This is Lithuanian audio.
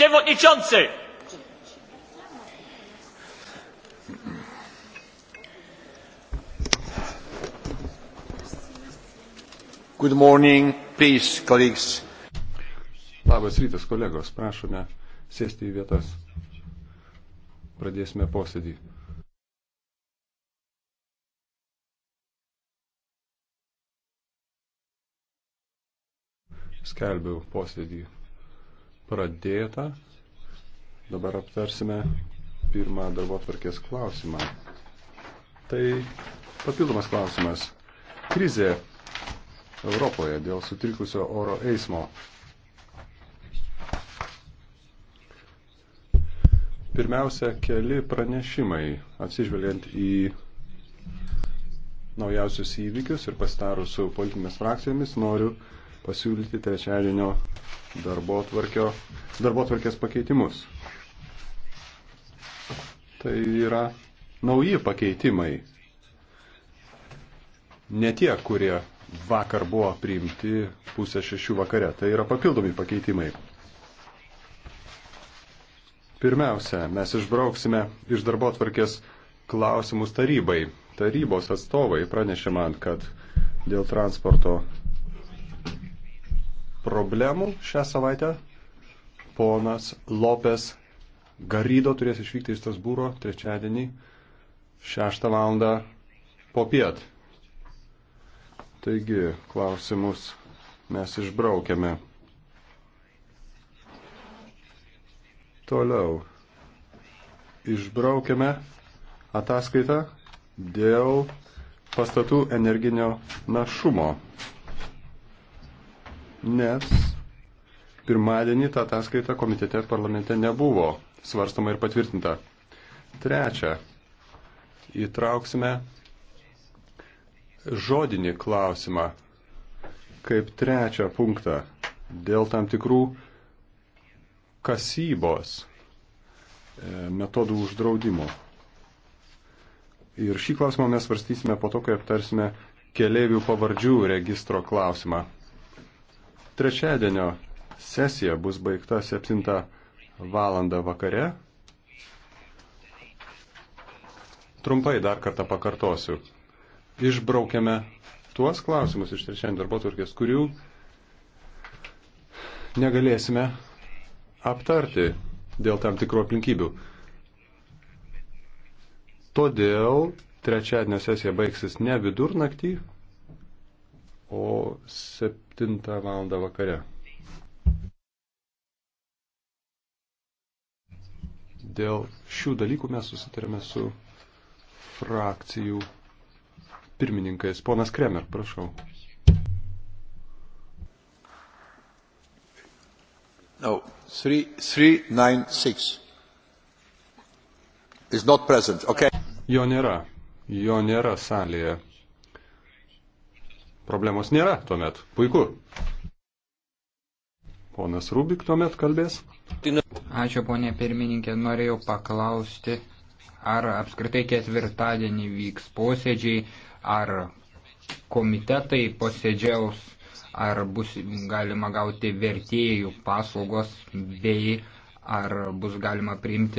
Przewodniczący! Good morning, please, colleagues. Labas rytas, kolegos. Prašome sėsti į vietas. Pradėsime posėdį. Skelbiu posėdį pradėta. Dabar aptarsime pirmą darbo atvarkės klausimą. Tai papildomas klausimas. Krizė Europoje dėl sutrikusio oro eismo. Pirmiausia, keli pranešimai atsižvelgiant į naujausius įvykius ir pastarus su politinėmis frakcijomis noriu pasiūlyti trečiadienio darbo, tvarkio, darbo tvarkės pakeitimus. Tai yra nauji pakeitimai. Ne tie, kurie vakar buvo priimti pusę šešių vakare. Tai yra papildomi pakeitimai. Pirmiausia, mes išbrauksime iš darbo tvarkės klausimus tarybai. Tarybos atstovai pranešė man, kad dėl transporto problemų šią savaitę. Ponas Lopes Garydo turės išvykti į Strasbūro trečiadienį 6 val. po piet. Taigi, klausimus mes išbraukėme. Toliau. Išbraukėme ataskaitą dėl pastatų energinio našumo nes pirmadienį ta ataskaita komitete ir parlamente nebuvo svarstama ir patvirtinta. Trečia, įtrauksime žodinį klausimą kaip trečią punktą dėl tam tikrų kasybos e, metodų uždraudimo. Ir šį klausimą mes svarstysime po to, kai aptarsime keliaivių pavardžių registro klausimą. Trečiadienio sesija bus baigta 7 valandą vakare. Trumpai dar kartą pakartosiu. Išbraukiame tuos klausimus iš trečiadienio darbo turkės, kurių negalėsime aptarti dėl tam tikrų aplinkybių. Todėl trečiadienio sesija baigsis ne vidurnaktį, o 7 val. vakare. Dėl šių dalykų mes susitarėme su frakcijų pirmininkais. Ponas Kremer, prašau. No, 396 is not present. Okay. Jo nėra. Jo nėra salėje. Problemos nėra tuomet. Puiku. Ponas Rubik tuomet kalbės. Ačiū, ponė pirmininkė. Norėjau paklausti, ar apskritai ketvirtadienį vyks posėdžiai, ar komitetai posėdžiaus, ar bus galima gauti vertėjų paslaugos, bei ar bus galima priimti